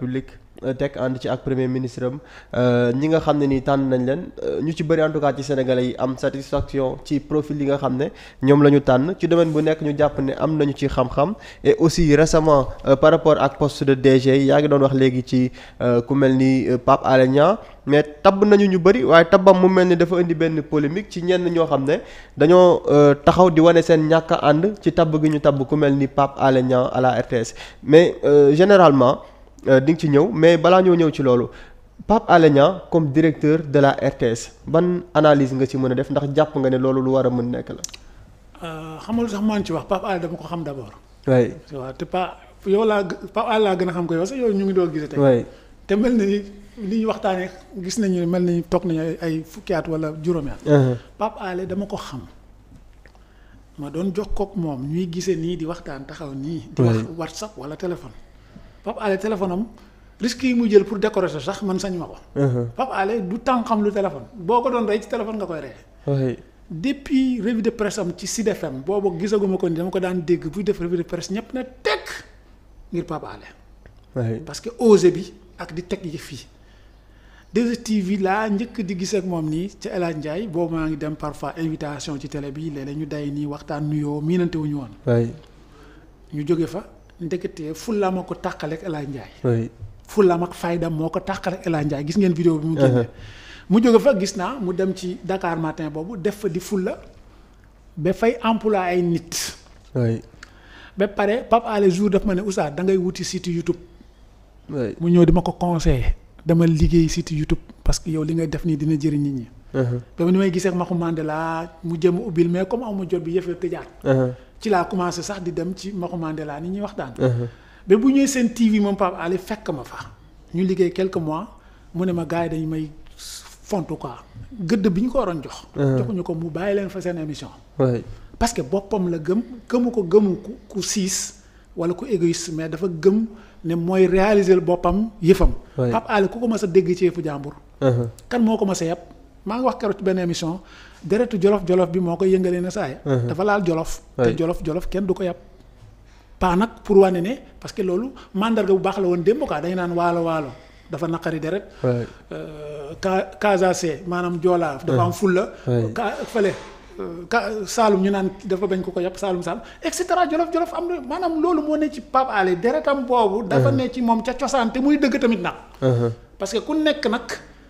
public euh, teg ànd ci ak premier ministre am euh, ñi nga xam ne nii tànn nañ leen euh, ñu ci bëri en tout cas ci sénégalais yi am satisfaction ci profil yi nga xam ne ñoom la ñu tànn ci domaine bu nekk ñu jàpp ne am nañu ci xam-xam et aussi récemment par rapport ak poste de DG yaa ngi doon wax léegi ci ku mel ni Pape Alé Niang mais tabb nañu ñu bëri waaye tabam mu mel ni dafa indi benn polémique ci ñenn ñoo xam ne dañoo taxaw di wane seen ñàkk ànd ci tabb gi ñu tabb ku mel ni Pape Alé Niang à la RTS mais généralement Euh, di nga ci ñëw mais balaa ñoo ñëw ci loolu Pape ña Niang comme directeur de la RTS ban analyse nga ci mën a def ndax jàpp nga ne loolu lu war a mën nekk la. Euh, xam nga lu tax maa ci wax Pape Alé dama ko xam d'abord. oui waaw Pa yow laa gën a xam ko yow sax yow ñu ngi doon gisee. tey te mel na ni li ñu waxtaanee gis nañu mel nañu toog nañu ay fukki wala juróomi at. Uh-huh. Pape dama ko xam. ma doon jox kook moom ñuy gisee nii di waxtaan taxaw nii. di wax WhatsApp wala téléphone. Pape Alé téléphone am yi mu jël pour décorer sax man sañ ma ko. Uh-huh. Pape Alé du tànqam lu téléphone boo ko doon rey ci téléphone nga koy rey. depuis revue de presse am ci Sud FM boobu gisaguma ko ni dama ko daan dégg buy def revue de presse ñëpp na tekk ngir Pape Alé. parce que osé bi ak di teg yëf yi. 2STV laa njëkk di gis ak moom nii ca El Hadj Ndiaye boobu maa ngi dem parfois invitation ci télé bi léeg-léeg ñu day nii waxtaan nuyoo miinante wu ñu woon. ñu jóge fa ndeketee fulla ma ko tàqaleeg El Hadj Ndiaye. fullaam ak fayda moo ko tàqaleeg El Hadj gis ngeen vidéo bi mu génnee. Uh-huh. fa gis naa mu dem ci Dakar matin boobu def fa di fulla ba fay emploi ay nit. ba pare Pape Alé jour daf ma ne Oustaz da ngay wuti site YouTube. mu ñëw dama ko conseillé dama liggéey site YouTube parce que yow li ngay def nii dina jëriñ nit ñi. Uh-huh. ba ni may gisee ak Maxu mu jëm ubbil mais comme amu jot bi yëf tëjaat. Uh-huh. ci laa commencé sax di dem ci Maxu Mandela ni ñuy waxtaan. Uh-huh. ba bu ñëwee seen TV moom Pape Alé fekk ma fa. ñu liggéey quelque mois mu ne ma gars yi dañu may fontu quoi gëdd bi ñu ko waroon jox. Uh-huh. joxuñu ko mu bàyyi leen fa seen émission. parce que boppam la gëm gëmu ko gëmu ku siis wala ku égoïste mais dafa gëm ne mooy réaliser boppam yëfam. Pape Alé ku ko mas a dégg ci yëfu jàmbur. Uh-huh. kan moo ko mas a yàpp maa ngi wax keroog ci benn émission deretu jolof jolof bi moo koy yëngalee na saay uh-huh. dafa laal jolof te jolof jolof kenn du ko yàpp paa nag pour wane ne parce que loolu mandarga bu baax la woon démb quoi naan waalo waalo dafa naqari deret euh, ka casacé maanaam joolaa dafa am fulla ka fële euh, ka saalum ñu naan dafa bañ ko ko yàpp saalum saalum et cetera jolof jolof am na maanaam loolu moo ne ci Pape Alé deretam boobu dafa uh-huh. ne ci moom ca cosaan te muy dëgg tamit nag uh-huh. parce que ku nekk nag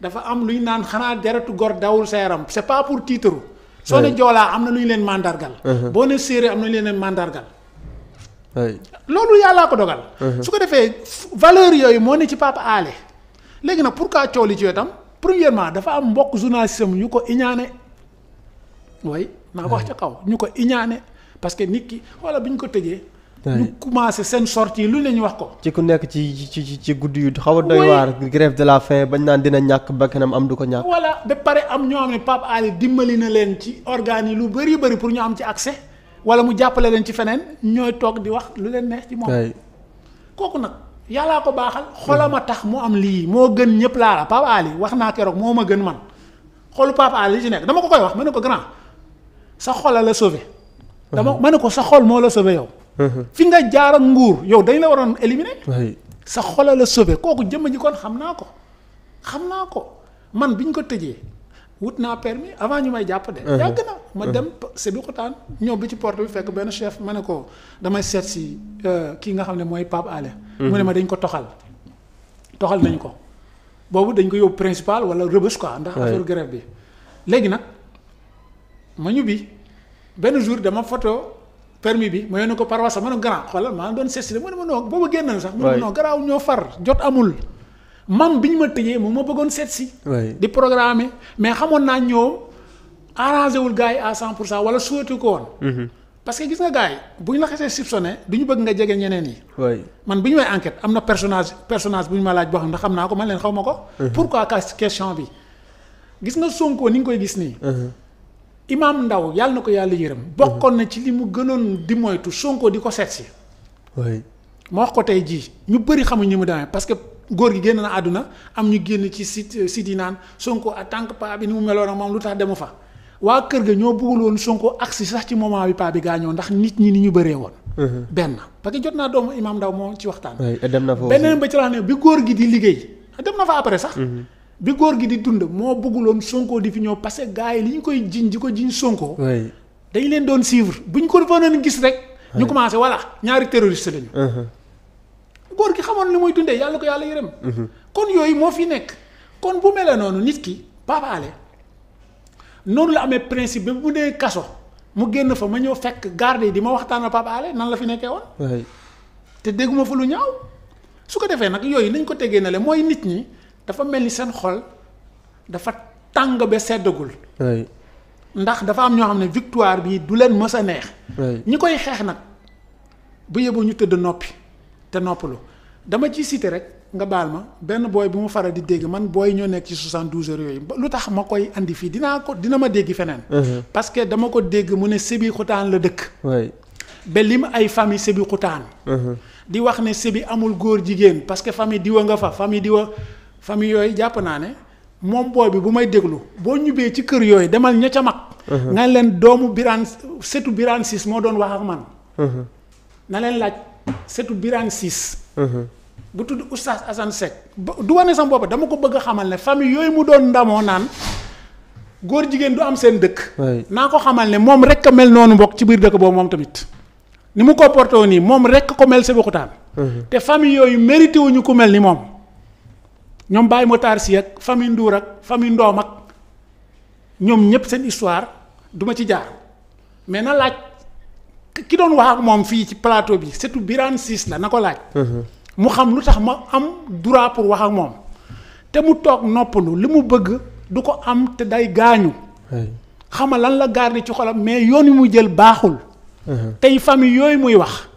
dafa am luy naan xanaa deretu gor dawul sa yaram c'est pas pour tiitaru soo ne joolaa am na lu leen mandargal uh-huh. boo ne séeréer am na lu ñu leen mandargal loolu yàllaa ko dogal uh-huh. su ko defee valeur yooyu moo ne ci Pape ale léegi nag pour pourquoi coow li ci wetam premièrement dafa am mbokk journaliste am ñu ko iñaane way naa ko wax ca uh-huh. kaw ñu ko iñaane parce que nit ki wala bi ñu ko tëjee ñu commencé seen sortie lu ne ñu wax ko. ci ku nekk ci ci ci guddi yu xaw a doy waar. grève de la faim bañ naan dina ñàkk bakkanam am du ko ñàkk. voilà ba pare am ñoo xam ne Pape dimbali na leen ci organes yi lu bëri bari pour ñu am ci accès wala mu jàppale leen ci feneen ñooy toog di wax lu leen neex ci moom. kooku nag yàllaa ko baaxal. xolam a tax mu am lii moo gën ñëpp laa la Pape wax naa keroog moo ma gën man xolu Pape Ali li ci nekk dama ko koy wax ma ne ko grand sa xol la sauvé. dama ma ne ko sa xol moo la sauvé yow. fi nga jaar ak nguur yow dañu la waroon éliminer sa xol la sauvé kooku jëmm ji kon xam naa ko xam naa ko man bi ñu ko tëjee wut naa permis avant ñu may jàpp de uh-huh. yàgg na ma uh-huh. dem Sébikotane ñëw bi ci porte bi fekk benn chef ma ne ko damay seet si euh, kii nga xam ne mooy Pape Alé uh-huh. mu ne ma dañ ko toxal toxal nañ ko boobu dañ ko yóbbu principal wala rëbës ko ndax affaire grève bi léegi nag ma bi benn jour dama photo permis bi mayoon na ko par WhatsApp ma ne grand xoolal maa doon seet si la ne ma non booba génn sax. ma ne ma non garaaw ñoo far jot amul. mam bi ñu ma tëjee moom ma bëggoon seet si. di programmer mais xamoon naa ñoom arrangé wul gars yi à 100 pour wala souhaité ko woon. Mhm. parce que gis nga gars bu ñu la xasee soupçonné du ñu bëgg nga jege ñeneen yi. man bi ñu may enquête am na personage personnage bu ñu ma laaj boo xam ne xam naa ko man leen xaw ma ko. Mhm. pourquoi question bi gis nga Sonko ni nga koy gis nii. Mhm. Imaam Ndaw yàlla na ko yàlla yërëm. Mhm. bokkoon na ci li mu gënoon di moytu Sonko di ko seet si. ma wax ko tey jii ñu bëri xamuñ ni mu demee parce que góor gi génn na àdduna am ñu génn ci sit euh, site yi naan Sonko en tant que paa bi ni mu meloon ak moom lu tax demu fa. waa kër ga ñoo bëggul woon Sonko agsi sax ci moment bi paa bi gaañoo ndax nit ñi ni ñu bëree woon. Mhm. benn parce que jot naa doomu Imaam Ndaw moom ci waxtaan. dem na fa beneen ba ci wax ne bi góor gi di liggéey dem na fa après sax. Mhm. bi góor gi di dund moo bëgguloon Sonko di fi ñëw parce que gars yi li ñu koy jiñ di ko jiñ Sonko. dañ leen doon suivre bu ñu ko doon gis rek. ñu commencé voilà ñaari terroriste lañu. Uh-huh. góor gi xamoon li muy dundee yàlla ko yàlla yërëm. Uh-huh. kon yooyu moo fi nekk kon bu mel noonu nit ki Pape Alé noonu la amee principe bi bu dee kaso mu génn fa ma ñëw fekk garde yi di ma waxtaan ak Pape nan la fi nekkee woon. te dégguma fa lu ñaaw su ko defee nag yooyu nañ ko tegee na mooy nit ñi. dafa mel ni seen xol dafa tàng ba seddagul. ndax dafa am ñoo xam ne victoire bi du leen mës a neex. ñi koy xeex nag bu yeboo ñu tëdd noppi te noppalu dama ci cité rek nga baal ma benn booy bu mu faral di dégg man booy ñoo nekk ci 72 heures yooyu lu tax ma koy indi fii dinaa ko dina ma dégg feneen. Uh-huh. parce que dama ko dégg mu ne Sébi xutaan la dëkk. ba lim ay famille Sébi xutaan. Uh-huh. di wax ne Sébi amul góor jigéen parce que famille diwa nga fa famille diwa. famille yooyu jàpp naa ne moom booy bi bu may déglu boo ñubbee ci kër yooyu demal ña ca mag. Uh-huh. nga leen doomu Birane setu Birane Ciss moo doon wax ak man. Uh-huh. na leen laaj setu Birane Ciss. Uh-huh. bu tudd oustaz Assane Seck du wane sama bopp dama ko bëgg a xamal ne famille yooyu mu doon ndamoo naan góor jigéen du am seen dëkk. naa ko xamal ne moom rek a mel noonu mbokk ci biir dëkk boobu moom tamit. ni mu comporté woon nii moom rek ko mel Sébikotane. te famille yooyu mérité wuñu ku mel ni moom. ñoom Baye Motar si ak famille Ndour ak famille Ndoom ak ñoom ñëpp seen histoire duma ci jaar mais na laaj ki doon wax ak moom fii ci plateau bi surtout Birane Ciss la na ko laaj. Mhm. mu xam lu tax ma am droit pour wax ak moom te mu toog noppalu li mu bëgg du ko am te day gaañu. xama lan la garder ci xolam mais yoon wi mu jël baaxul. Mhm. tey famille yooyu muy wax.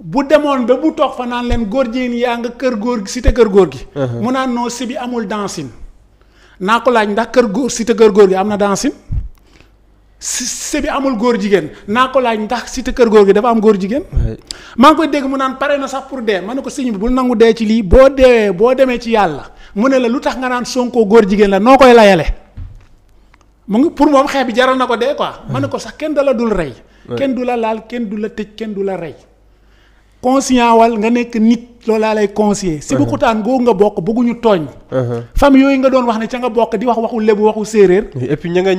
bu demoon ba bu toog fa naan leen góor jigéen yaa nga kër góor gi site kër góor gi. Uh-huh. mu naan noo si amul dancing naa ko laaj ndax kër góor cité kër góor gi am na dancing si si amul góor jigéen naa ko laaj ndax cité kër góor gi dafa am góor jigéen. maa ngi koy dégg mu naan pare na sax pour dee ma ne ko sëñ bi bul nangu dee ci lii boo deewee boo demee ci yàlla mu ne la lu tax nga naan sonkoo góor jigéen la noo koy layale mu ngi pour moom xeex bi jaral na ko dee quoi. Uh-huh. ma ne ko sax kenn du la dul rey. kenn du la laal kenn du la tëj kenn du la rey. conscient wal nga nekk nit loolaa lay conseiller si bu kutaan uh-huh. googu nga bokk bëgguñu tooñ uh-huh. famille yooyu nga doon wax ne ca nga bokk di wax waxu lébu waxu séeréer et puis ña ngay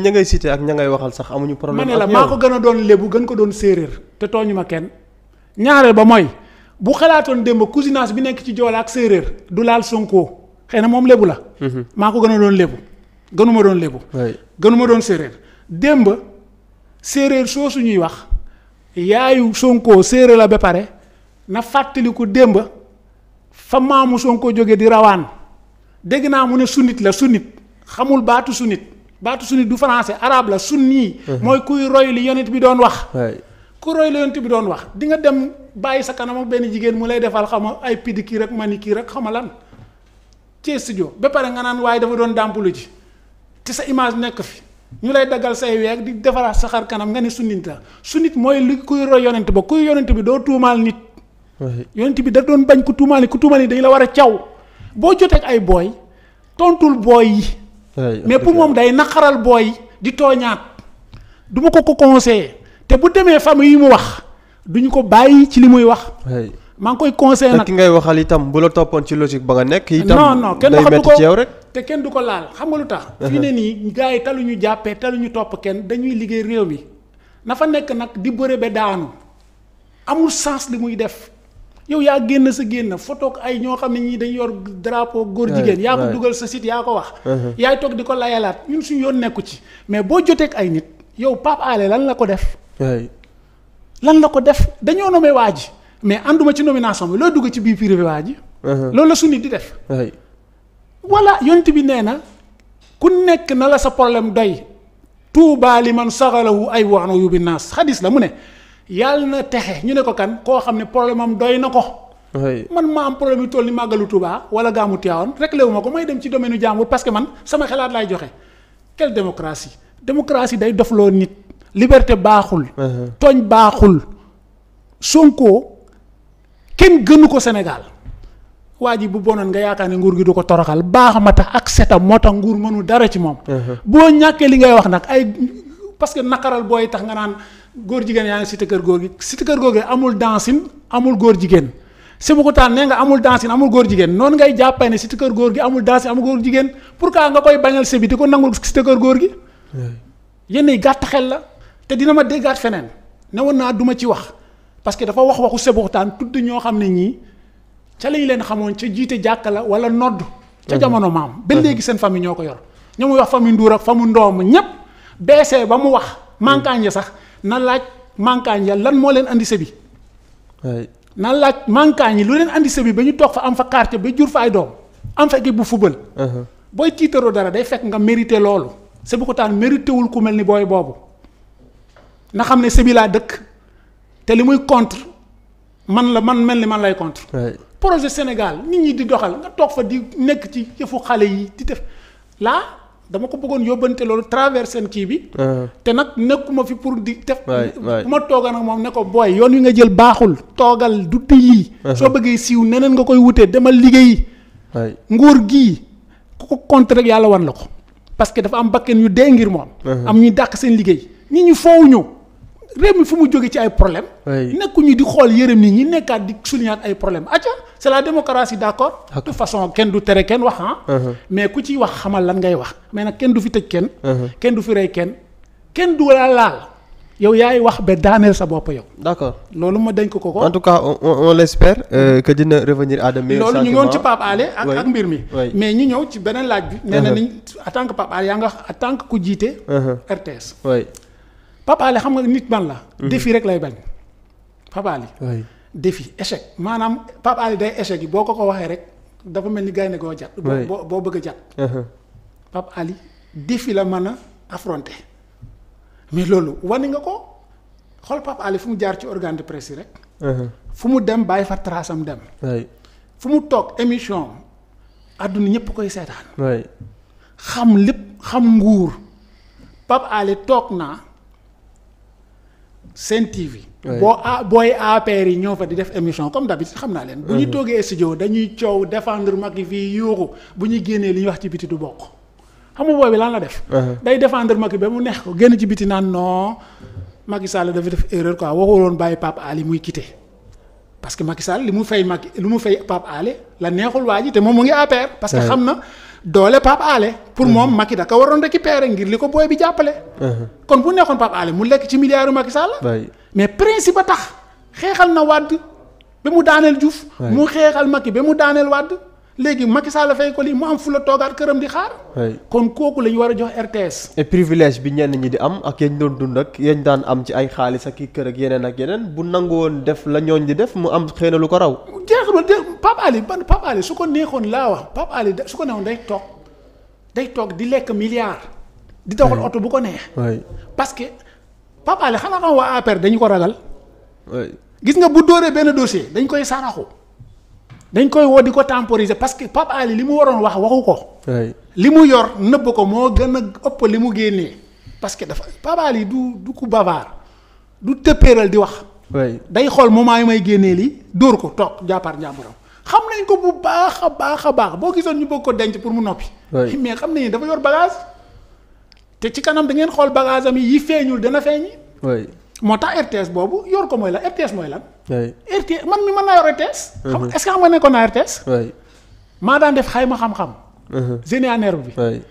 ak ña ngay waxal sax amuñu problème ma ne la maa ko gën a doon lébu gën ko doon séeréer te tooñu ma kenn ñaareel ba mooy bu xalaatoon démb cousinage bi nekk ci joola ak du laal Sonko xëy na moom lébu la uh-huh. maa ko gën a doon lébu gënuma doon lébu gënuma doon séeréer démb séeréer soo suñuy wax yaayu Sonko séeréer la ba pare na fàttaliku démb fa maamu Sonko jóge di rawaan dégg naa mu ne sunnit la sunnit xamul baatu su nit baatu su nit du français arabe la nii mhm. mooy kuy roy li yonent bi doon wax ku roy yonent bi doon wax di nga dem bàyyi sa kanam benn jigéen mu lay defal xama ay pédicure ak manicure ak xama lan ci studio ba pare nga naan waaye dafa doon dàmpalu ji te sa image nekk fi ñu lay daggal say weeg di defaraat sa kanam nga ne sunnit la sunnit mooy li kuy roy yonent ba kuy yonent bi doo tuumaal nit yonent bi da doon bañ ku tuumaal ku tuumaal yi dañ la war a caw boo jotee ay booy tontul booy yi. mais pour moom day naqaral booy di tooñaat du ma ko ko conseillé te bu demee famille yi mu wax duñu ko bàyyi ci li muy wax. maa ngi koy conseillé nag ki ngay waxal itam bu la toppoon ci logique ba nga nekk. itam non non kenn waxatu ko te kenn du ko laal xam nga lu tax. fii ne nii gars talu ñu jàppee talu ñu topp kenn dañuy liggéey réew mi na fa nekk nag di bëre ba daanu amul sens li muy def. yow yaa génn sa génn photo ay ñoo xam ne ñii dañ yor drapeau góor jigéen yaa ko dugal sa sit yaa ko wax uh-huh. yaay toog di ko layalaat ñun suñu yoon nekku ci mais boo joteek ay nit yow Pape Alé lan la ko def lan la ko def dañoo nommé waa ji mais ànduma ci nomination bi loo dugg ci biir privé waa ji uh-huh. loolu la su nit di def voilà yont bi nee na ku nekk na la sa problème doy tuubaa li man saxalahu ay waxno yu bi naas xadis la mu ne yàlla na texe ñu ne ko kan koo xam ne problème am doy na ko. man ma am problème yu toll ni màggalu tubaa wala gaamu Tiwaawan réglé wu ma ko may dem ci domaine jàmbur parce que man sama xalaat laay joxe quelle démocratie démocratie day dofloo nit liberté baaxul. Uh-huh. tooñ baaxul. Sonko kenn gënu ko Sénégal waa ji bu bonoon nga yaakaar ne nguur gi du ko toroxal baax ma tax ak setam moo tax nguur mënu dara ci moom. Uh-huh. boo ñàkkee li ngay wax nag ay parce que naqaral booy tax nga naan. góor jigéen yaa ngi cité kër góor gi cité kër góor gi amul dancing amul góor jigéen Sébikotane nee nga amul dancing amul góor jigéen noonu ngay jàppee ne cité góor gi amul dancing amul góor jigéen pourquoi nga koy bañal sébi di ko nangul cité kër góor gi. yenn yi gàtt xel la te dina ma déggaat feneen ne woon naa duma ci wax parce que dafa wax waxu Sébikotane tudd ñoo xam ne ñii ca lañ leen xamoon ca jiite jàkka la wala nodd ca jamono maam ba léegi seen famille ñoo ko yor ñoo muy wax famille Ndour ak famille Ndoom ñépp beesee ba mu wax mankaañ sax na laaj mankaañ ya lan moo leen andi sëbi na laaj mankaañ yi lu leen andi sëbi ba ñu toog fa am fa quartier ba jur fa ay doom am fa équipe bu football uh-huh. booy tiitaroo dara day fekk nga mérité loolu Sébikotane mérité wul ku mel ni booy boobu na xam ne sëbi laa dëkk te li muy contre man la man mel ni man lay contre projet Sénégal nit ñi di doxal nga toog fa di nekk ci yëfu xale yi di def laa dama ko bëggoon yóbbante loolu traverse seen kii bi. Ah. te nag nekkuma fi pour di def. bu ma toogal nag moom ne ko booy yoon wi nga jël baaxul. toogal du lii. Ah. soo bëggee siiw neneen nga koy wutee demal liggéeyi. nguur gi ku ko contre rek yàlla wan la ko. parce que dafa am bakken yu dee ngir moom. Ah. am ñuy dàq seen liggéey. ñi ñu foowu ñëw. réew mi fu mu jóge ci ay problème nekkuñu di xool yërëm nit ñi nekkaat di soulignaat ay problème acca c'est la démocratie d'accord de toute façon kenn du tere kenn wax uh-huh. mais ku ciy wax xamal lan ngay wax mais nag kenn du fi tëj kenn uh-huh. kenn du fi rey kenn kenn du la laal yow yaay wax ba daaneel sa bopp yow. d'accord loolu ma dañ ko ko ko. en tout cas on on euh, mm-hmm. à de meilleurs sentiments loolu ñu ngi woon ci Pape Alé ak ak mbir mi. mais ñu ñëw ci beneen laaj bi. nee a uh-huh. ni en tant que Pape Alé yaa nga en tant ku jiite. RTS. Pape Alé xam nga nit man la. Mhm. défi rek lay bañ Pape Alé. défi échec maanaam Pape Alé day échec yi boo ko ko waxee rek dafa mel ni gaynde goo jat boo boo bëgg a jat uh-huh. Pape Alé défi la mën a affronter mais loolu wane nga ko xool Pape Alé fu mu jaar ci organe de presse yi rek. Uh-huh. fu mu dem bàyyi fa trace dem. fu mu toog émission adduna ñëpp koy seetaan. xam lépp xam nguur Pape toog naa. Sen TV. boo a booy APR yi ñoo fa di def émission comme d'habitude xam naa leen. bu ñu mhm. toogee studio dañuy coow défendre Macky fii yuuxu bu ñu génnee li ñuy wax ci biti du bokk xam nga booy bi lan la def. Mhm. day défendre Macky ba mu neex ko génn ci biti naan non Macky Sall dafa def erreur quoi waxul woon bàyyi Pape Ali muy quitté parce que Macky Sall li mu fay Macky li mu fay Pape Ali la neexul waa ji te moom mu ngi APR. parce que xam na. doole Pape Alé pour mhm. moom Macky da ko waroon récupérer ngir li ko booy bi jàppale. Mhm. kon bu nekkoon Pape Alé mu lekk ci milliardu Macky Sall. mais principe a tax xeexal na Wade ba mu daaneel Diouf. mu xeexal Macky ba mu daaneel Wade. léegi Macky Sall fay ko lii mu am fu la toogaat këram di xaar. kon kooku la ñu war a jox RTS. et privilège bi ñenn ñi di am ak yañ doon dund ak yañ daan am ci ay xaalis ak i kër ak yeneen ak yeneen bu nangu def la ñooñ di def mu am xëy na lu ko raw. jeex na de Pape Ali ban Pape Ali su ko neexoon laa wax Pape Ali su ko neexoon day toog day toog di lekk milliard. di doxal oto bu ko neex. parce que Pape Ali xanaa xam waa APR dañu ko ragal. gis nga bu dóoree benn dossier dañ koy saraxu. dañ koy woo di ko temporiser parce que Pape li mu waroon wax waxu ko. li mu yor nëbb ko moo gën a ëpp li mu génnee parce que dafa Pape yi du du ku bavard du tëppéeral di wax. day xool moment yi may génnee lii dóor ko toog jàppar njàmburam xam nañ ko bu baax a baax a baax boo gisoon ñu bëgg ko denc pour mu noppi. mais xam nañ dafa yor bagage. te ci kanam da ngeen xool bagage am yi feeñul dana feeñi. moo tax RTS boobu yor ko mooy la RTS mooy lan. RTS man mi man naa yor RTS. xam mhm. est xam nga nekkoon naa RTS. maa daan def xayma xam-xam. Mhm. génie en herbe bi.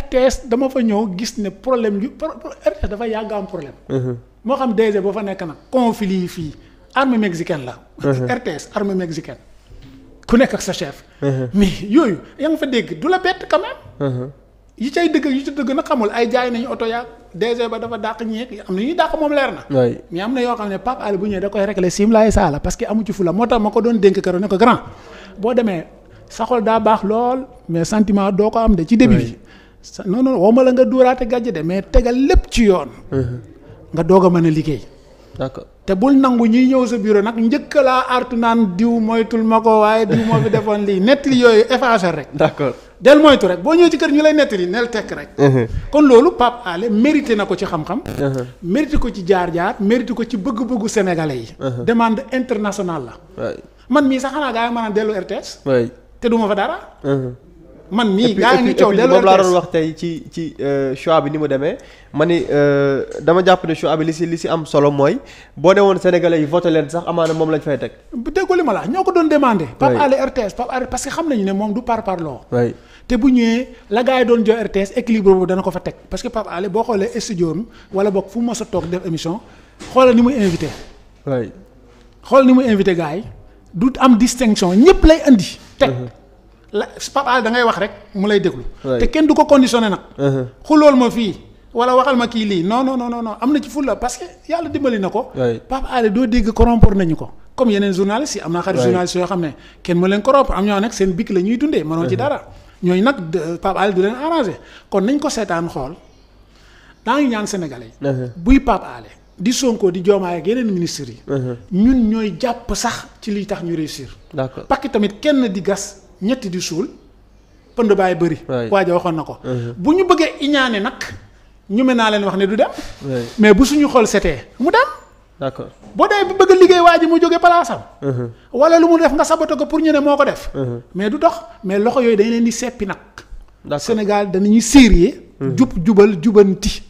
RTS dama fa ñëw gis ne problème yu RTS dafay yàgg am problème. Mhm. moo xam DG boo fa nekk nag conflit yi fii armée mexicaine la. RTS armée mexicaine ku nekk ak sa chef. mais yooyu yaa ngi fa dégg du la bett quand yi cay dëgg yi ci dëgg na xamul ay jaay nañu oto yaag DG ba dafa dàq ñeeg am na moom leer na. mais am na yoo xam ne Pape Alé bu ñëwee da koy réglé sim laay saala parce amu ci fula moo tax ma ko doon dénk keroog ne ko grand boo demee sa xol daa baax lool mais sentiment doo ko am de ci début bi. non non waxuma la nga duuraate gàjj de mais tegal lépp ci yoon. Uh-huh. nga doog a mën a liggéey. d'accord te bul nangu ñuy ñëw sa bureau nag njëkk laa artu naan diw moytul ma ko waaye diw moo fi defoon lii nett yooyu effacé rek. d'accord del moytu rek boo ñëwee ci kër ñu lay nettali nel tekk rek. Mhm. kon loolu Pape Alé mérité na ko ci xam-xam. Mhm. mérité ko ci jaar-jaar mérité ko ci bëgg-bëggu sénégalais yi. Mhm. demande internationale la. man mii sax xanaa gaa yi ma naan dellu RTS. te duma fa dara. man mii gaa ngi coow delloo boobu laa doon wax tey ci ci euh, choix bi ni mu demee ma ni euh, dama jàpp ne choix bi li si li si am solo mooy boo ne woon yi voté leen sax amaana moom lañ fay teg. déggoo li ma la ñoo ko doon demandé. Pape Alé RTS Pape Alé parce que ne moom du par parloo. te bu ñëwee la gars yi doon jox RTS équilibre boobu dana ko fa teg parce que Pape Alé boo xoolee studio am wala boog fu mu mës a toog def émission xoolal ni mu invité. waay xool ni mu invité gars yi du am distinction ñëpp lay andi. teg. Mhm. la Pape da ngay wax rek mu lay déglu. te kenn du ko conditionné nag. Uh-huh. xulool ma fii wala waxal ma kii lii non non non non am na ci fulla parce que yàlla dimbali na ko. Pape Alé doo dégg corrompre nañu ko. comme yeneen journaliste yi am naa xarit journaliste yoo xam ne kenn mu leen corrompre am ñoo nag seen bikk la ñuy dundee. mënoo ci uh-huh. dara ñooñu nag Pape Alé du leen arrangé kon nañ ko seetaan xool daa ngi ñaan sénégalais yi. Uh-huh. buy Pape di Sonko di Diomaye ak yeneen ministres yi. ñun ñooy jàpp sax ci liy tax ñu réussir. d'accord parce que tamit kenn di gas. ñetti di suul pënd baay bëri. waaye ja waxoon na ko. Uh-huh. bu ñu bëggee iñaane nag ñu mën naa leen wax ne du dem. mais bu suñu xool setee mu dem. d'accord boo dee bu bëgg liggéey waa ji mu jóge palaasam. Uh-huh. wala lu mu def nga saboté ko pour ñu ne moo ko def. Uh-huh. mais du dox mais loxo yooyu dañ leen di seppi nag. Sénégal danañuy sérieux. jub jubal jubanti.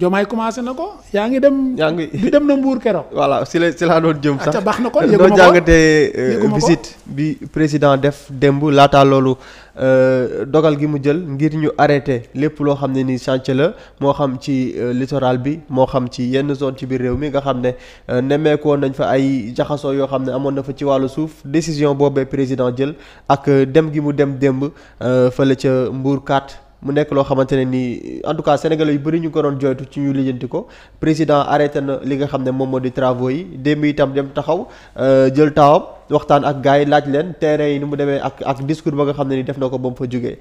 jomaay commencé na ko yaa ngi dem. yaa dem na mbuur keroog. voilà si la si laa doon jëm sax. baax na kon yëgu ma ko jàngatee euh, visite bi président def démb laataa loolu euh, dogal gi mu jël ngir ñu arrêté lépp loo xam ne ni chantier la moo xam ci euh, littoral bi moo xam ci yenn zone ci biir réew mi nga xam ne nemmeekoon nañ fa ay jaxasoo yoo xam ne amoon na fa ci wàllu suuf décision boobee président jël ak dem gi mu dem démb fële ca mbuur 4. mu nekk loo xamante ne nii en tout cas sénégalais yu bëri ñu ko doon joytu ci ñu lijjanti ko président arrêté na li nga xam ne moom moo di travaux yi démb itam dem taxaw euh, jël taawam waxtaan ak gars yi laaj leen terrain yi ni mu demee ak ak discours ba nga xam ne ni def na ko ba mu fa jógee